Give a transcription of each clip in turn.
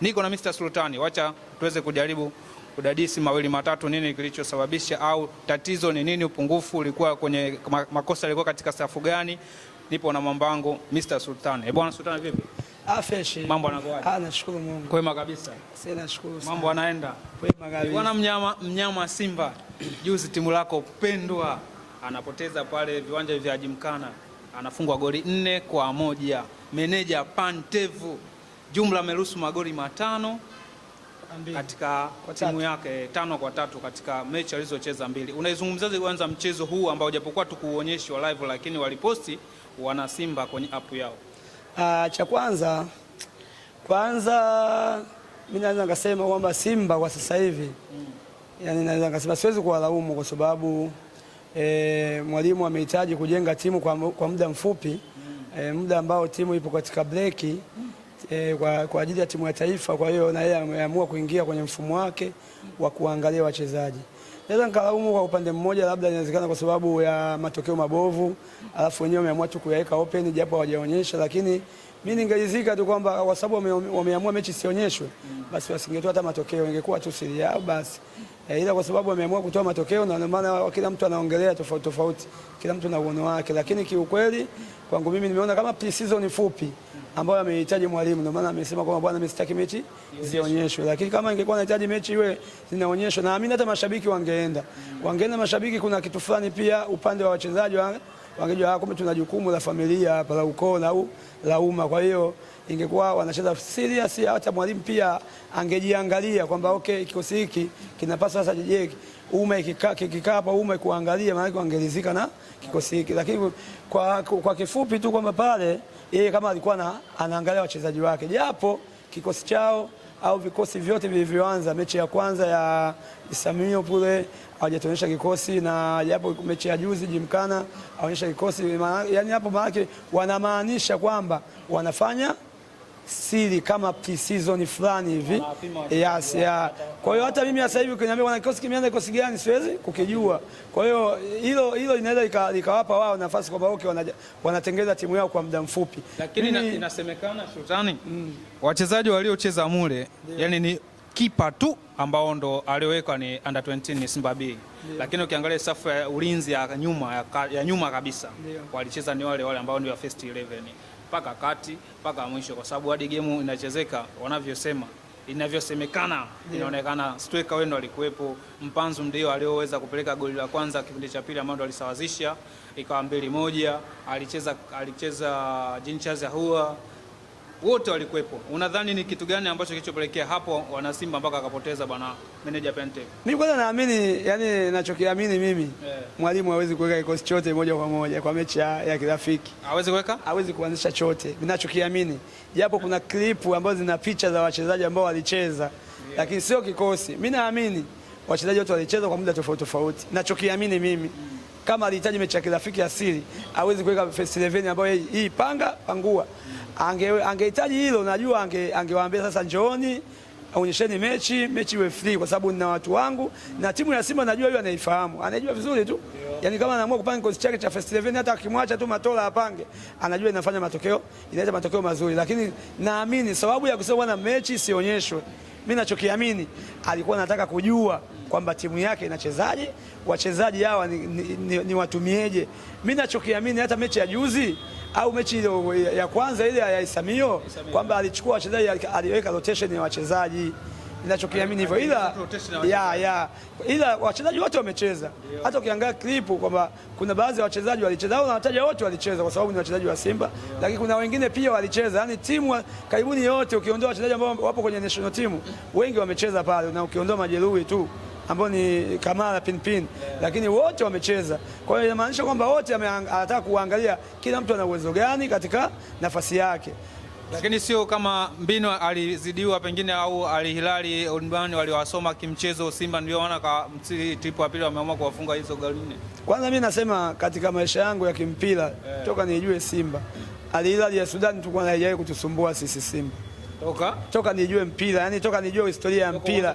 Niko na Mr. Sultani, wacha tuweze kujaribu kudadisi mawili matatu, nini kilichosababisha au tatizo ni nini, upungufu ulikuwa kwenye makosa, yalikuwa katika safu gani? Nipo na mwambangu Mr. Sultani. Eh, bwana Sultani, vipi? Ah, mambo yanakuaje? Ah, nashukuru Mungu. Kwema kabisa. Sasa nashukuru sana. Mambo anaenda. Kwema kabisa. Bwana mnyama mnyama Simba juzi timu lako pendwa anapoteza pale viwanja vya Jimkana anafungwa goli nne kwa moja. Meneja Pantevu jumla ameruhusu magoli matano katika timu yake tano kwa tatu katika mechi alizocheza mbili. Unaizungumzaje kwanza mchezo huu ambao japokuwa tukuonyeshwa live, lakini waliposti wana Simba kwenye app yao? Uh, cha kwanza kwanza mimi naweza nikasema kwamba Simba kwa sasa hivi mm. yani naweza nikasema siwezi kuwalaumu kwa sababu e, mwalimu amehitaji kujenga timu kwa, kwa muda mfupi mm. e, muda ambao timu ipo katika breki mm e, kwa, kwa ajili ya timu ya taifa. Kwa hiyo na yeye ameamua kuingia kwenye mfumo wake wa kuangalia wachezaji. Naweza nikalaumu kwa upande mmoja, labda inawezekana kwa sababu ya matokeo mabovu, alafu wenyewe wameamua tu kuyaweka open japo hawajaonyesha, lakini mimi ningeridhika tu kwamba kwa sababu wameamua mechi sionyeshwe, basi wasingetoa hata matokeo, ingekuwa tu siri yao basi e, ila kwa sababu wameamua kutoa matokeo, na maana kila mtu anaongelea tofauti tofauti, kila mtu na uono wake, lakini kiukweli kwangu mimi nimeona kama pre-season fupi ambayo amehitaji mwalimu. Ndio maana amesema kwamba bwana, msitaki mechi zionyeshwe, lakini kama ingekuwa nahitaji mechi iwe zinaonyeshwa, naamini hata mashabiki wangeenda, wangeenda mashabiki. Kuna kitu fulani pia upande wa wachezaji wangejua ah, kumbe tuna jukumu la familia hapa la ukoo na la umma. Kwa hiyo ingekuwa wanacheza serious, hata mwalimu pia angejiangalia kwamba okay, kikosi hiki kinapaswa sasa, jijeki umma ikikaa hapa ume kuangalia, maana wangelizika na kikosi hiki. Lakini kwa, kwa kifupi tu kwamba pale yeye kama alikuwa anaangalia wachezaji wake, japo kikosi chao au vikosi vyote vilivyoanza mechi ya kwanza ya Isamio pule hawajatuonyesha kikosi, na japo mechi ya juzi Jimkana aonyesha kikosi. Yani hapo maanake wanamaanisha kwamba wanafanya siri kama pre-season fulani hivi yes, yeah. Kwa hiyo hata mimi sasa hivi ukiniambia wana kikosi kimeanza kikosi gani siwezi kukijua. Kwa hiyo hilo hilo inaweza likawapa wao nafasi kwamba okay, wanatengeneza timu yao kwa muda mfupi, lakini mimi... inasemekana Sultani, mm. wachezaji waliocheza mule yeah. yani ni kipa tu ambao ndo aliowekwa ni under 20 ni Simba B yeah. Lakini ukiangalia safu ya ulinzi ya nyuma, ya, ya nyuma kabisa yeah. walicheza ni wale wale ambao ndio first 11 mpaka kati mpaka mwisho, kwa sababu hadi gemu inachezeka wanavyosema inavyosemekana inaonekana striker wendo alikuwepo, Mpanzu ndio alioweza kupeleka goli la kwanza kipindi cha pili, ambao alisawazisha ikawa mbili moja. Alicheza alicheza ya hua wote walikuwepo. Unadhani ni kitu gani ambacho kilichopelekea hapo wana Simba mpaka akapoteza bwana meneja Pente? Mimi kwanza naamini, yani nachokiamini mimi yeah. Mwalimu hawezi kuweka kikosi chote moja kwa moja kwa mechi ya ya kirafiki, hawezi kuweka, hawezi kuanzisha chote, ninachokiamini japo Kuna klipu ambazo zina picha za wachezaji ambao walicheza yeah. Lakini sio kikosi. Mimi naamini wachezaji wote walicheza kwa muda tofauti tofauti, ninachokiamini mimi mm. Kama alihitaji mechi ya kirafiki asili, hawezi kuweka first 11 ambayo hii panga pangua mm angehitaji ange hilo, najua angewaambia ange sasa, njooni aonyesheni mechi mechi iwe free, kwa sababu nina watu wangu na timu ya Simba najua yeye anaifahamu, anajua vizuri tu yani, kama anaamua kupanga kikosi chake cha first eleven, hata akimwacha tu Matola apange, anajua inafanya matokeo, inaleta matokeo mazuri, lakini naamini sababu ya kusema bwana mechi sionyeshwe mimi nachokiamini alikuwa anataka kujua kwamba timu yake inachezaje, wachezaji hawa ni, ni, ni, ni watumieje. Mimi nachokiamini hata mechi ya juzi au mechi ile ya kwanza ile ya Isamio kwamba alichukua wachezaji, aliweka rotation ya wachezaji ninachokiamini hivyo, ila ya ya ila wachezaji wote wamecheza. Hata ukiangalia clip kwamba kuna baadhi ya wachezaji walicheza, au nawataja wote walicheza kwa sababu ni wachezaji wa Simba, lakini kuna wengine pia walicheza, yani timu karibuni yote, ukiondoa wachezaji ambao wapo kwenye national team, wengi wamecheza pale, na ukiondoa majeruhi tu ambao ni Kamara Pinpin yeah. Lakini wote wamecheza, kwa hiyo inamaanisha kwamba wote anataka kuangalia kila mtu ana uwezo gani katika nafasi yake lakini sio kama mbinu alizidiwa pengine au alihilali Hilali waliwasoma kimchezo Simba, ndio maana tipu ya pili wameamua kuwafunga hizo goli nne. Kwanza mi nasema katika maisha yangu ya kimpira yeah, toka nijue Simba alihilali ya Sudan tulikuwa haijawahi kutusumbua sisi Simba toka toka nijue mpira yani, toka nijue historia ya mpira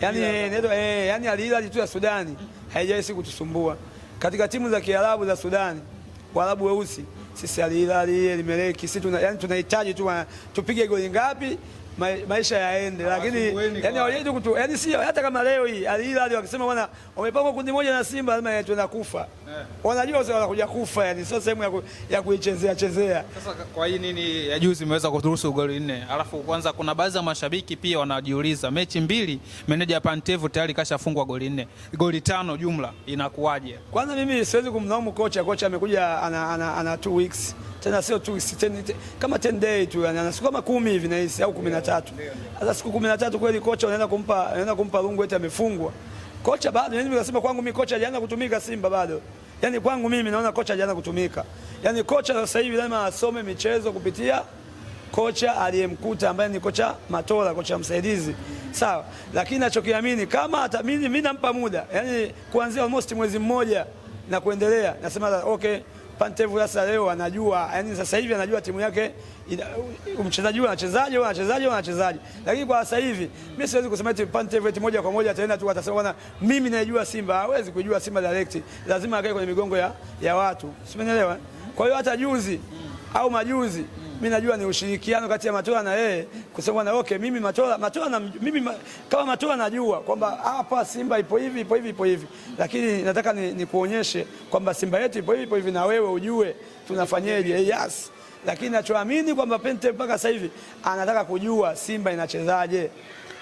yani, eh, eh yani alihilali tu ya Sudani haijawahi si kutusumbua. Katika timu za Kiarabu za Sudani, Waarabu weusi sisi Al Hilal Elimeleki, sisi tuna, yani tunahitaji tu tupige goli ngapi maisha yaende, ah, lakini yani hawajeje kutu, yani sio hata kama leo hii Al Hilal wakisema bwana wamepangwa kundi moja na Simba lazima yetu na kufa, eh. wanajua sasa wanakuja kufa, yani sio sehemu ya kuichezea chezea. Sasa kwa hii nini ya juzi imeweza kuturuhusu goli nne? Alafu kwanza kuna baadhi ya mashabiki pia wanajiuliza mechi mbili, meneja Pantevu tayari kashafungwa goli nne, goli tano jumla, inakuwaje? Kwanza mimi siwezi kumlaumu kocha, kocha amekuja ana, ana, ana two weeks tena sio tu ten, kama 10 day tu yani, ana siku kama kumi hivi nahisi au 13. Sasa siku 13 kweli kocha anaenda kumpa anaenda kumpa rungu eti amefungwa kocha bado. yani nikasema kwangu mimi kocha hajaanza kutumika Simba bado, Yaani kwangu mimi naona kocha hajaanza kutumika. Yaani kocha sasa hivi lazima asome michezo kupitia kocha aliyemkuta ambaye ni kocha Matola, kocha msaidizi sawa, lakini nachokiamini kama hata mimi mimi nampa muda Yaani kuanzia almost mwezi mmoja na kuendelea, nasema okay Pantevu sasa leo anajua, yani sasa hivi anajua timu yake mchezaji anachezaje, anachezaje, huyu anachezaje. Lakini kwa sasa hivi mimi siwezi kusema eti Pantevu eti moja kwa moja ataenda tu atasema bwana, mimi najua Simba. Hawezi kujua Simba direct, lazima akae kwenye migongo ya, ya watu, simenielewa. Kwa hiyo hata juzi au majuzi mimi najua ni ushirikiano kati ya matoa na yeye kusema na okay, mimi Matola, Matola na mimi kama Matola najua kwamba hapa Simba ipo hivi ipo hivi ipo hivi, lakini nataka nikuonyeshe ni kwamba Simba yetu ipo hivi ipo hivi, na wewe ujue tunafanyaje. Yes, lakini nachoamini kwamba Pente mpaka sasa hivi anataka kujua Simba inachezaje.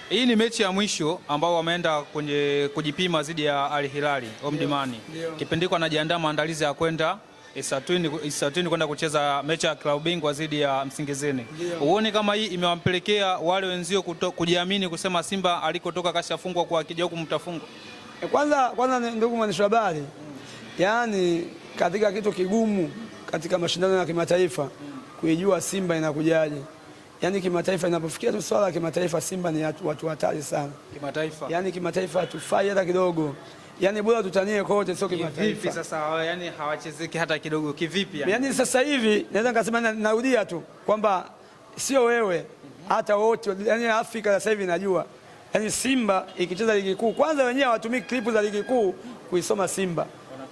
Hii ni mechi ya mwisho ambao wameenda kwenye kujipima dhidi ya Al Hilali Omdimani. kipindiko anajiandaa maandalizi ya kwenda Eswatini kwenda kucheza mechi ya klabu bingwa dhidi ya Msingizini. Huoni kama hii imewapelekea wale wenzio kujiamini kusema Simba alikotoka kashafungwa kwa akija huku mtafungwa? E, kwanza kwanza, ndugu mwandishi habari, yaani katika kitu kigumu katika mashindano ya kimataifa kuijua Simba inakujaje yani kimataifa inapofikia tu swala kimataifa Simba ni watu hatari sana kimataifa. Yani kimataifa hatufai hata kidogo. Yani bora tutanie kote, sio kimataifa. Sasa yani hawachezeki hata kidogo. Kivipi yani? Yani sasa hivi naweza nikasema, narudia tu kwamba sio wewe hata wote, yani Afrika sasa hivi najua yani Simba ikicheza ligi kuu, kwanza wenyewe hawatumii klipu za ligi kuu kuisoma Simba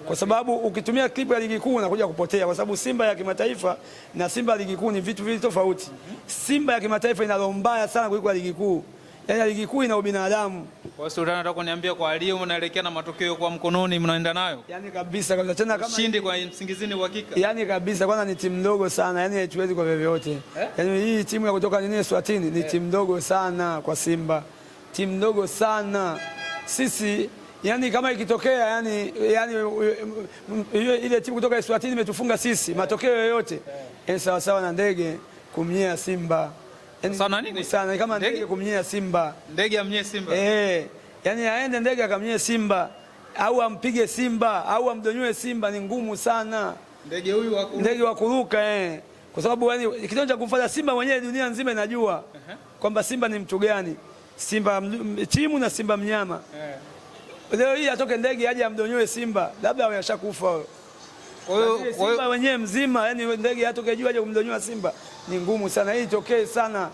kwa sababu ukitumia klipu ya ligi kuu unakuja kupotea, kwa sababu Simba ya kimataifa na Simba ya ligi kuu ni vitu viwili tofauti. Simba ya kimataifa ina roho mbaya sana kuliko ya ligi kuu. Yaani ligi kuu ina ubinadamu. Kwa hiyo unataka kuniambia kwa aliyo mnaelekea na matokeo kwa mkononi mnaenda nayo? Yaani kabisa kabisa tena kama shindi kwa msingizini uhakika. Yaani kabisa kwanza ni timu ndogo sana, yaani haituwezi kwa vyovyote. Eh? Yaani hii timu ya kutoka nini Swatini ni eh, timu ndogo sana kwa Simba. Timu ndogo sana. Sisi yani kama ikitokea yani, yani ile timu kutoka Eswatini imetufunga sisi, matokeo yoyote yaani sawa sawasawa na ndege kumnyea Simba yani, sana nini? Sana, kama ndege kumnyea Simba, ndege amnyee Simba eh, yani aende ndege akamnyee Simba au ampige Simba au amdonyoe Simba, ni ngumu sana ndege huyu ndege wa kuruka eh, kwa sababu yani kitendo cha kumfanya Simba mwenyewe dunia nzima inajua uh -huh. kwamba Simba ni mtu gani, Simba timu na Simba mnyama uh eh. -huh. Leo hii atoke ndege aje amdonyoe simba, labda ameshakufa huyo. Kwa hiyo simba wenyewe mzima, yani ndege atoke juu aje kumdonyoa simba ni ngumu sana, hii itokee sana.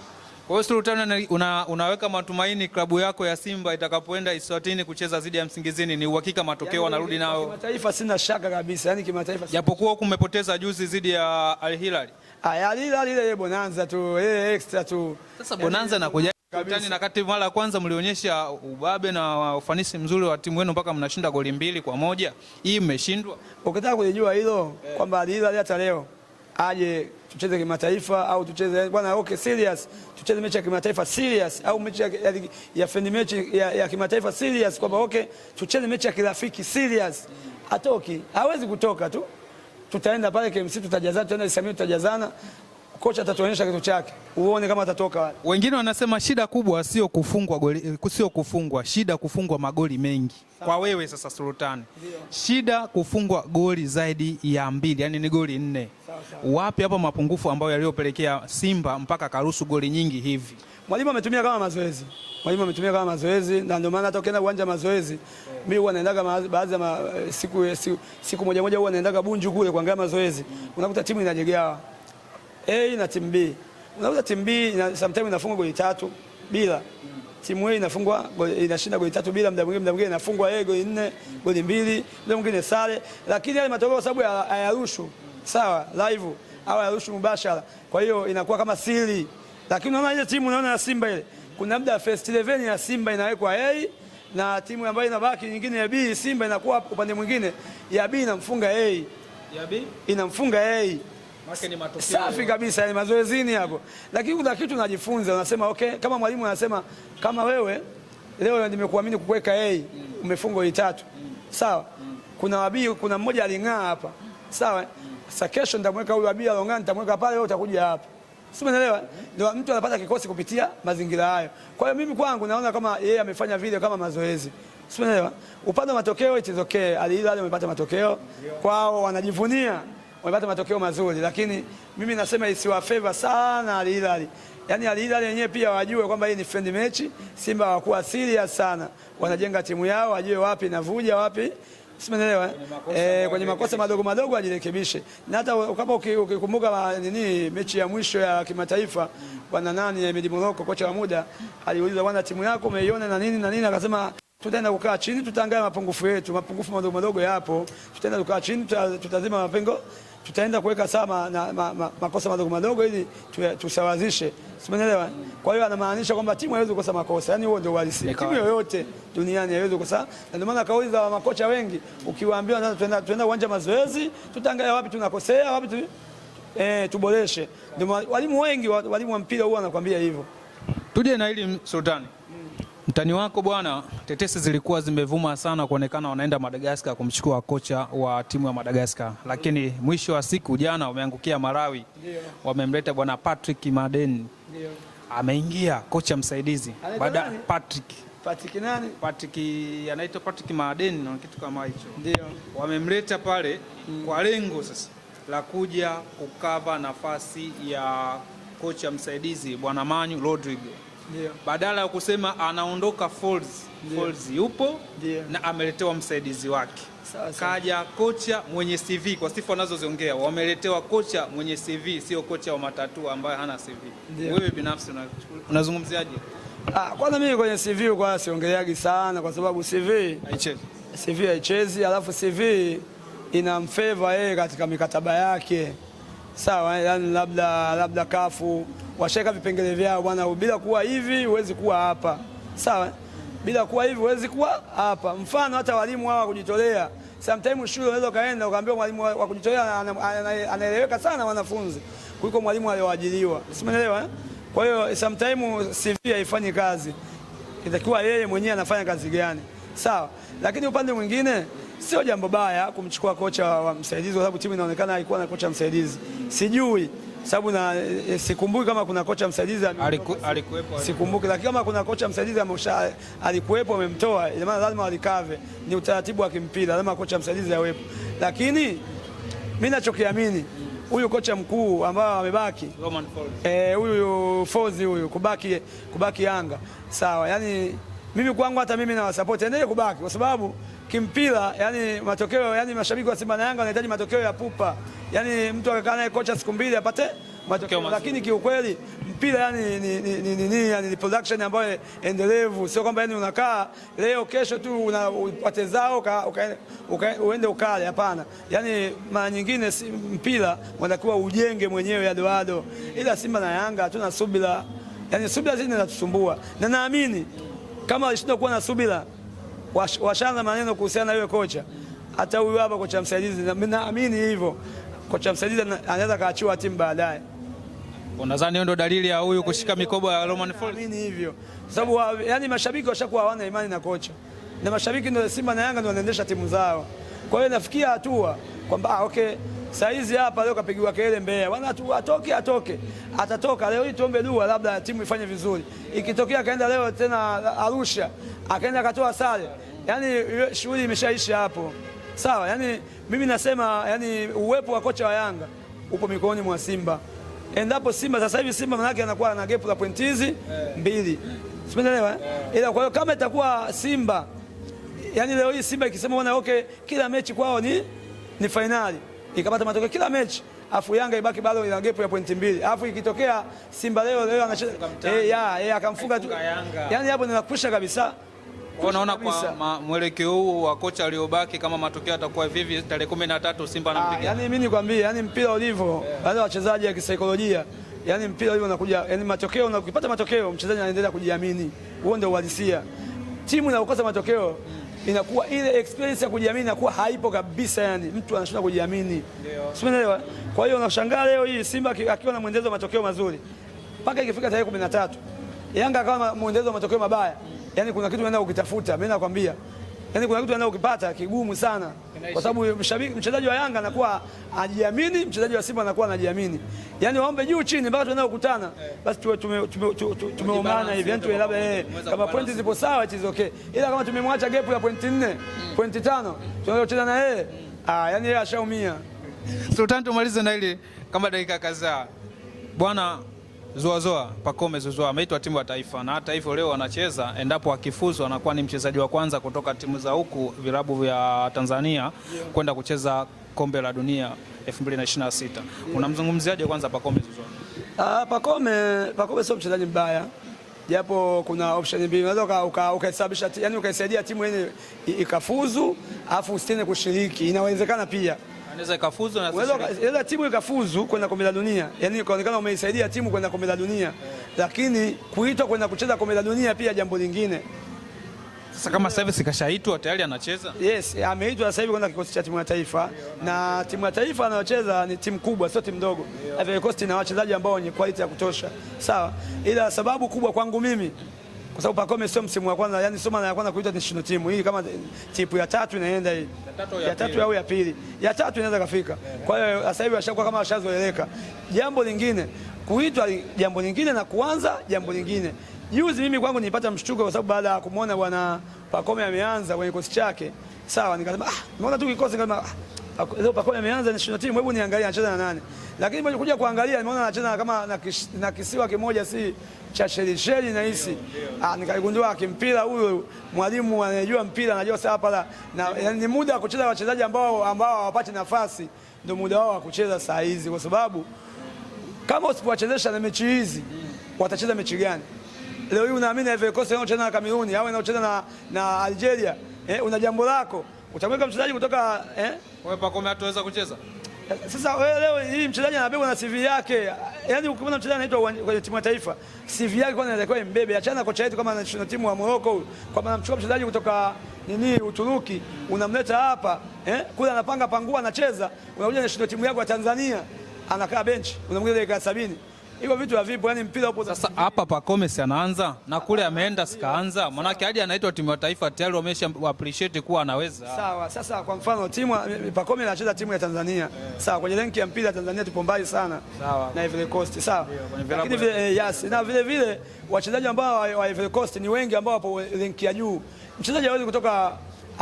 Kwa hiyo Sultan, una, unaweka matumaini klabu yako ya Simba itakapoenda Iswatini kucheza dhidi ya Msingizini ni uhakika matokeo wanarudi yani, nao kimataifa? Sina shaka kabisa, yani kimataifa, japokuwa huku umepoteza juzi dhidi ya Al Hilal. Al Hilal ile bonanza tu, ile eh, extra tu. Sasa bonanza na kuja Tani na kati mara ya kwanza mlionyesha ubabe na ufanisi mzuri wa timu yenu mpaka mnashinda goli mbili kwa moja. Hii mmeshindwa. Ukitaka kulijua hilo eh, kwamba ile hata leo aje tucheze kimataifa au tucheze bwana, okay serious, tucheze mechi ya kimataifa serious au mechi ya, ya, ya friendly mechi ya, ya kimataifa serious, kwamba okay tucheze mechi ya kirafiki serious. Atoki, hawezi kutoka tu, tutaenda pale KMC, tutajazana tutaenda Isamia, tutajazana kocha atatuonyesha kitu chake, uone kama atatoka Wengine wanasema shida kubwa sio kufungwa goli, eh, sio kufungwa, shida kufungwa magoli mengi. Kwa wewe sasa Sultani, shida kufungwa goli zaidi ya mbili, yani ni goli nne. Wapi hapa mapungufu ambayo yaliyopelekea Simba mpaka karuhusu goli nyingi hivi? Mwalimu ametumia kama mazoezi, mwalimu ametumia kama mazoezi, na ndio maana hata ukienda uwanja mazoezi, mimi huwa naendaga baadhi ya ma, eh, siku, eh, siku, siku moja moja huwa naendaga Bunju kule kuangalia mazoezi, mm. unakuta timu inajegeawa A na timu B. Unaweza timu B ina, sometimes inafungwa goli tatu bila. Timu A inafungwa inashinda goli tatu bila, mda mwingine mda mwingine inafungwa yeye goli nne, goli mbili, mda mwingine sare, lakini yale matokeo kwa sababu hayarushu sawa live au hayarushu mubashara, kwa hiyo inakuwa kama siri. Lakini unaona ile timu unaona ya Simba ile, kuna muda first 11 ya Simba inawekwa A na timu ambayo inabaki nyingine ya B, Simba inakuwa upande mwingine ya B inamfunga A, ya B inamfunga A safi kabisa, ni mazoezini hapo, lakini kuna kitu najifunza. Unasema okay, kama mwalimu anasema kama wewe leo nimekuamini kukuweka yeye mm. umefunga goli tatu mm. sawa mm. kuna wabii, kuna mmoja aling'aa hapa sawa mm. Sasa kesho nitamweka huyu wabii along'aa, nitamweka pale, wewe utakuja hapa sio, unaelewa mm. Ndio mtu anapata kikosi kupitia mazingira hayo. Kwa hiyo mimi kwangu naona kama yeye amefanya vile kama mazoezi sio, unaelewa upande wa matokeo, it's okay, aliila amepata matokeo kwao, wanajivunia wamepata matokeo mazuri, lakini mimi nasema isiwafeva sana Al Hilal. Yaani Al Hilal yenyewe pia wajue kwamba hii ni friend match, Simba hawakuwa serious sana, wanajenga timu yao, wajue wapi inavuja wapi Simenelewa eh, kwenye makosa eh, madogo madogo ajirekebishe. Na hata kama ukikumbuka ah, nini mechi ya mwisho ya kimataifa bwana nani Ahmed Moroko, kocha wa muda aliuliza, bwana timu yako umeiona na nini na nini, akasema tutaenda kukaa chini, tutaangalia mapungufu yetu, mapungufu madogo madogo yapo, tutaenda kukaa chini, tutazima mapengo tutaenda kuweka sawa ma, ma, ma, makosa madogo madogo ili tusawazishe, simenelewa Kwa hiyo anamaanisha kwamba timu haiwezi kukosa makosa, yani huo ndio uhalisia. Timu yoyote duniani haiwezi kukosa, na ndio maana kauli za makocha wengi ukiwaambia sasa tuenda tuenda uwanja mazoezi, tutaangalia wapi tunakosea, wapi tu, eh, tuboreshe. Ndio walimu wengi, walimu wa mpira huwa wanakuambia hivyo. Tuje na hili Sultani. Mtani wako bwana, tetesi zilikuwa zimevuma sana kuonekana wanaenda Madagascar kumchukua kocha wa timu ya Madagascar, lakini mwisho wa siku jana wameangukia Malawi, wamemleta bwana Patrick maden ameingia kocha msaidizi baada Patrick Patrick nani? Patrick anaitwa Patrick Maden na kitu kama hicho. Ndio. Wamemleta pale mm, kwa lengo sasa la kuja kukava nafasi ya kocha msaidizi bwana Manu Rodrigo yeah. badala ya kusema anaondoka Folz yeah. Folz yupo yeah. na ameletewa msaidizi wake kaja kocha mwenye CV kwa sifa anazoziongea wameletewa kocha mwenye CV, sio kocha wa matatu ambaye hana CV yeah. wewe binafsi unazungumziaje? Ah, kwanza mimi kwenye CV kwa siongeleagi sana kwa sababu CV haichezi, CV haichezi, alafu CV ina mfeva yeye katika mikataba yake sawa, yani labda labda kafu washeka vipengele vyao bwana, bila kuwa hivi huwezi kuwa hapa, sawa, bila kuwa hivi huwezi kuwa hapa. Mfano hata walimu hawa kujitolea Sometimes shule unaweza ukaenda ukaambiwa mwalimu wa kujitolea anaeleweka sana wanafunzi kuliko mwalimu aliyoajiriwa, simeelewa eh? Kwa hiyo sometimes CV haifanyi kazi, itakiwa yeye mwenyewe anafanya kazi gani, sawa. Lakini upande mwingine sio jambo baya kumchukua kocha wa msaidizi, kwa sababu timu inaonekana haikuwa na kocha msaidizi. Sijui sababu na e, sikumbuki kama kuna kocha msaidizi aliku, alikuwepo, sikumbuki, lakini kama kuna kocha msaidizi amesha alikuwepo amemtoa, ina maana lazima walikave. Ni utaratibu wa kimpira, lazima kocha msaidizi awepo, lakini mimi nachokiamini huyu kocha mkuu ambao amebaki eh, huyu eh, Fozi huyu kubaki, kubaki Yanga sawa. Yani mimi kwangu, hata mimi nawasapoti endelee kubaki kwa sababu kimpira, yani matokeo, yani mashabiki wa Simba na Yanga wanahitaji matokeo ya pupa, yani mtu akakaa naye kocha siku mbili apate matokeo, lakini kiukweli mpira yani ni, ni, ni, ni, ni, yani, ni production ambayo endelevu, sio kwamba yani unakaa leo kesho tu una upate zao uka, uka, uka, uende ukale. Hapana, yani mara nyingine si, mpira unatakiwa ujenge mwenyewe adoado, ila Simba na Yanga hatuna subira, yani subira zile zinatusumbua, na naamini kama alishindwa kuwa na subira washaanza maneno kuhusiana na yule kocha. Hata huyu hapa kocha msaidizi, naamini hivyo kocha msaidizi anaweza kaachiwa timu baadaye. Unadhani hiyo ndio dalili ya huyu kushika mikoba ya Roman Folz? Naamini hivyo sababu, yani mashabiki washakuwa hawana imani na kocha, na mashabiki ndio Simba na Yanga ndio wanaendesha timu zao. Kwa hiyo nafikia hatua kwamba ah, okay Saizi hapa leo kapigiwa kelele Mbeya, bwana tu atoke atoke, atatoka leo hii. Tuombe dua, labda timu ifanye vizuri. Ikitokea kaenda leo tena Arusha akaenda akatoa sare, yani shughuli imeshaisha hapo, sawa. Yani mimi nasema, yani uwepo wa kocha wa Yanga upo mikononi mwa Simba. Endapo Simba sasa hivi, Simba manake anakuwa na gap la pointi hizi mbili, simenelewa eh? Ila kwa hiyo kama itakuwa Simba, yani leo hii Simba ikisema bwana okay, kila mechi kwao ni, ni fainali ikapata matokeo kila mechi, afu Yanga ibaki bado ina gepu ya pointi mbili, afu ikitokea Simba leo leo anacheza eh, ya yeah, akamfunga tu, yani hapo ninakwisha kabisa. naona kwa mwelekeo huu wa kocha aliobaki, kama matokeo atakuwa vivi tarehe 13 Simba ah, anampiga. Yani mimi nikwambie, yani mpira ulivyo baada ya wachezaji ya kisaikolojia yani mpira ulivyo unakuja, yani matokeo unakipata matokeo, mchezaji anaendelea kujiamini. Huo ndio uhalisia, timu inakosa matokeo mm inakuwa ile experience ya kujiamini inakuwa haipo kabisa, yani mtu anashindwa kujiamini, sielewa. Kwa hiyo unashangaa leo hii Simba akiwa na mwendelezo wa matokeo mazuri mpaka ikifika tarehe kumi na tatu Yanga akawa na mwendelezo wa matokeo mabaya, yani kuna kitu unaenda kukitafuta, mimi nakwambia, yani kuna kitu unaenda kukipata kigumu sana kwa sababu mshabiki, mchezaji wa Yanga anakuwa ajiamini, mchezaji wa Simba anakuwa anajiamini, yani waombe juu chini mpaka tunakutana, basi tumeumana hivi, yaani labda eh, kama pointi zipo sawa it's okay, ila kama tumemwacha gap ya pointi nne mm. pointi tano tunaocheza na yeye ah, yani yeye ashaumia. Sultan, tumalize na hili kama dakika kadhaa bwana. Zuazoa Pacome Zuazoa ameitwa timu ya taifa, na hata hivyo leo anacheza endapo akifuzu anakuwa ni mchezaji wa kwanza kutoka timu za huku vilabu vya Tanzania kwenda kucheza kombe la dunia 2026. Unamzungumziaje kwanza Pacome Zuazoa? Ah, Pacome Pacome sio mchezaji mbaya, japo kuna option mbili, unaweza ukaisababisha, yani ukaisaidia timu yenyewe ikafuzu, afu usitende kushiriki, inawezekana pia Inaweza timu ikafuzu kwenda kombe la dunia, yaani kaonekana umeisaidia timu kwenda kombe la dunia yeah. Lakini kuitwa kwenda kucheza kombe la dunia pia jambo lingine. Sasa kama hivi kashaitwa tayari anacheza? Yes, ameitwa sasa hivi kwenda kikosi cha timu ya taifa na timu ya taifa anayocheza ni timu kubwa, sio timu ndogo. Hivyo kikosi na wachezaji ambao wenye quality ya kutosha, sawa, ila sababu kubwa kwangu mimi kwa sababu Pacome sio msimu wa kwanza, yani sio mara ya kwanza kuitwa national timu hii, kama tipu ya tatu inaenda hii ya tatu au ya pili, ya tatu inaweza kafika. Kwa hiyo sasa hivi washakuwa kama washazoeleka. Jambo lingine kuitwa jambo lingine na kuanza jambo lingine. Juzi mimi kwangu nilipata mshtuko, kwa sababu baada ya kumwona bwana Pacome ameanza kwenye kikosi chake, sawa, nikasema ah, nimeona tu kikosi kama ah leo Pacome ameanza na timu, hebu niangalie anacheza na nani, lakini kuja kuangalia nimeona anacheza kama na, kis, na kisiwa kimoja si cha Shelisheli Ah, nikaigundua akimpira huyo mwalimu anajua mpira, anajua sasa hapa na yani, ni muda wa kucheza wachezaji ambao ambao hawapati nafasi, ndio muda wao wa kucheza saa hizi, kwa sababu kama usipowachezesha na mechi hizi watacheza mechi gani? Leo hii unaamini Ivory Coast inaocheza na Kameruni au inaocheza na, na Algeria eh, una jambo lako utamweka mchezaji kutoka eh? Wewe Pacome hataweza kucheza. Sasa wewe leo hii mchezaji anabebwa na CV yake. Yaani ukiona mchezaji anaitwa kwenye timu ya taifa, CV yake kwanza inatakiwa imbebe. Achana na kocha wetu kama anachukua timu ya Morocco, kwa maana mchukua mchezaji kutoka nini Uturuki, unamleta hapa, eh? Kule anapanga pangua anacheza, unakuja na timu yako ya Tanzania, anakaa benchi, unamwingiza dakika 70 hivyo vitu ya vipo, yani mpira upo sasa. Hapa Pacome si anaanza na kule ameenda sikaanza, manake hadi anaitwa timu ya taifa tayari wamesha appreciate kuwa anaweza. Sawa, sasa kwa mfano timu Pacome anacheza timu ya Tanzania yeah. Sawa, kwenye renki ya mpira Tanzania tupo mbali sana sawa. na Ivory Coast sawa, lakini vile eh, yes, na vile vile wachezaji ambao wa Ivory Coast ni wengi ambao wapo renki ya juu. Mchezaji hawezi kutoka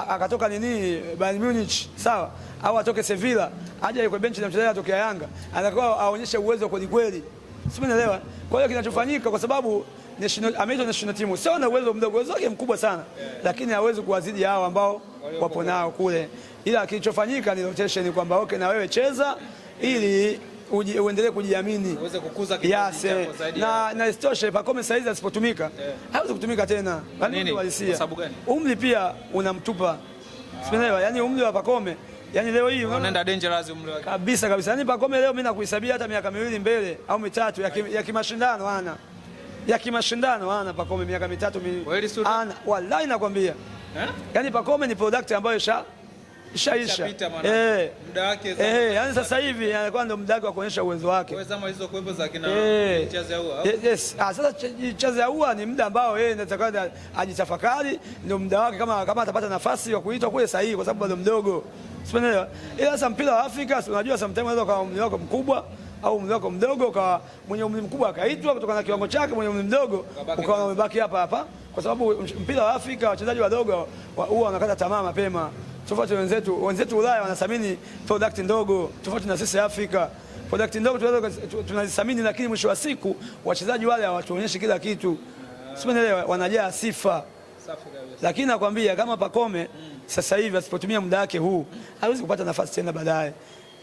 akatoka nini Bayern Munich sawa, au atoke Sevilla aje kwa benchi na mchezaji atokea Yanga, anatakiwa aonyeshe uwezo kweli kweli. Sielewa. Kwa hiyo kinachofanyika, kwa sababu national ameitwa national team, sio na uwezo mdogo, uwezo wake mkubwa sana yeah, lakini hawezi kuwazidi hao ambao wapo nao kule, ila kilichofanyika ni rotation kwamba okay, na wewe cheza ili uendelee kujiamini uweze kukuza kipaji chako eh, zaidi. Na na istoshe Pacome saizi asipotumika yeah, hawezi kutumika tena. Kwa sababu gani? Umri pia unamtupa, sielewa. Yani umri wa Pacome Yaani leo hii unaenda dangerous umri wake. Kabisa kabisa. Yaani Pacome leo mimi nakuhesabia hata miaka miwili mbele au mitatu ya kimashindano ana. Ya kimashindano ana Pacome miaka mitatu mimi. Kweli ana wallahi nakwambia. Eh? Yaani Pacome ni product ambayo isha ishaisha. Eh. Muda wake sasa. Eh, yaani sasa hivi eh, anakuwa ndio muda wake wa kuonyesha uwezo wake. Kwa sababu hizo kuwepo za kina eh. Chaza Ahoua. Yes. Ah, sasa Chaza au ni muda ambao yeye anataka ajitafakari, ndio muda wake kama kama atapata nafasi ya kuitwa kule sahihi kwa sababu bado mdogo. Sipendelewa. Ila sasa mpira wa Afrika si unajua sometimes unaweza kuwa umri wako mkubwa au umri wako mdogo kwa mwenye umri mkubwa akaitwa kutokana na kiwango chake, mwenye umri mdogo ukawa umebaki hapa hapa, kwa sababu mpira wa Afrika wachezaji wadogo huwa wanakata tamaa mapema, tofauti wenzetu. Wenzetu Ulaya wanathamini product ndogo, tofauti na sisi Afrika product ndogo tunazithamini, lakini mwisho wa siku wachezaji wale hawatuonyeshi kila kitu, Sipendelewa, wanajaa sifa. Lakini nakwambia kama Pacome sasa hivi asipotumia muda wake huu hawezi kupata nafasi tena baadaye.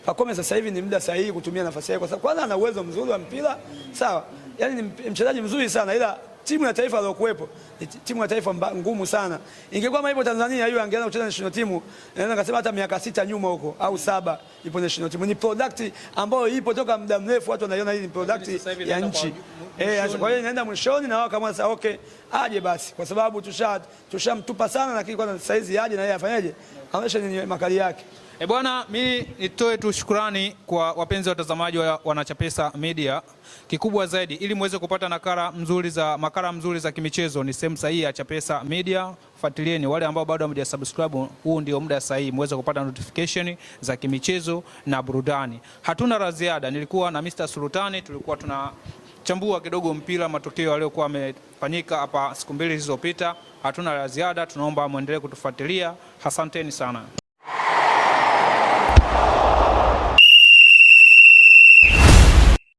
Pacome sasa hivi ni muda sahihi kutumia nafasi yake, kwa sababu kwanza ana uwezo mzuri wa mpira, sawa, yaani ni mchezaji mzuri sana ila timu ya taifa aliyokuwepo ni timu ya taifa mba, ngumu sana. Ingekuwa kama hivyo Tanzania hiyo angeanza kucheza national timu, naweza kusema hata miaka sita nyuma huko au saba ipo national timu. Ni product ambayo ipo toka muda mrefu, watu wanaiona hii ni product ya nchi. Eh, kwa hiyo inaenda mwishoni na wao kama sasa okay, aje basi kwa sababu tusha tushamtupa sana, lakini kwanza sasa hizi aje na yeye afanyeje? Aoneshe ni makali yake. E bwana, mimi nitoe tu shukrani kwa wapenzi watazamaji wa Wanachapesa Media, kikubwa zaidi ili muweze kupata nakala nzuri za makala makala mzuri za kimichezo ni sehemu sahihi ya Chapesa Media. Fuatilieni wale ambao bado hamja subscribe, huu ndio muda sahihi muweze kupata notification za kimichezo na burudani. Hatuna la ziada, nilikuwa na Mr. Sultani, tulikuwa tunachambua kidogo mpira, matokeo yaliyokuwa yamefanyika hapa siku mbili zilizopita. Hatuna la ziada, tunaomba mwendelee kutufuatilia. Asanteni sana.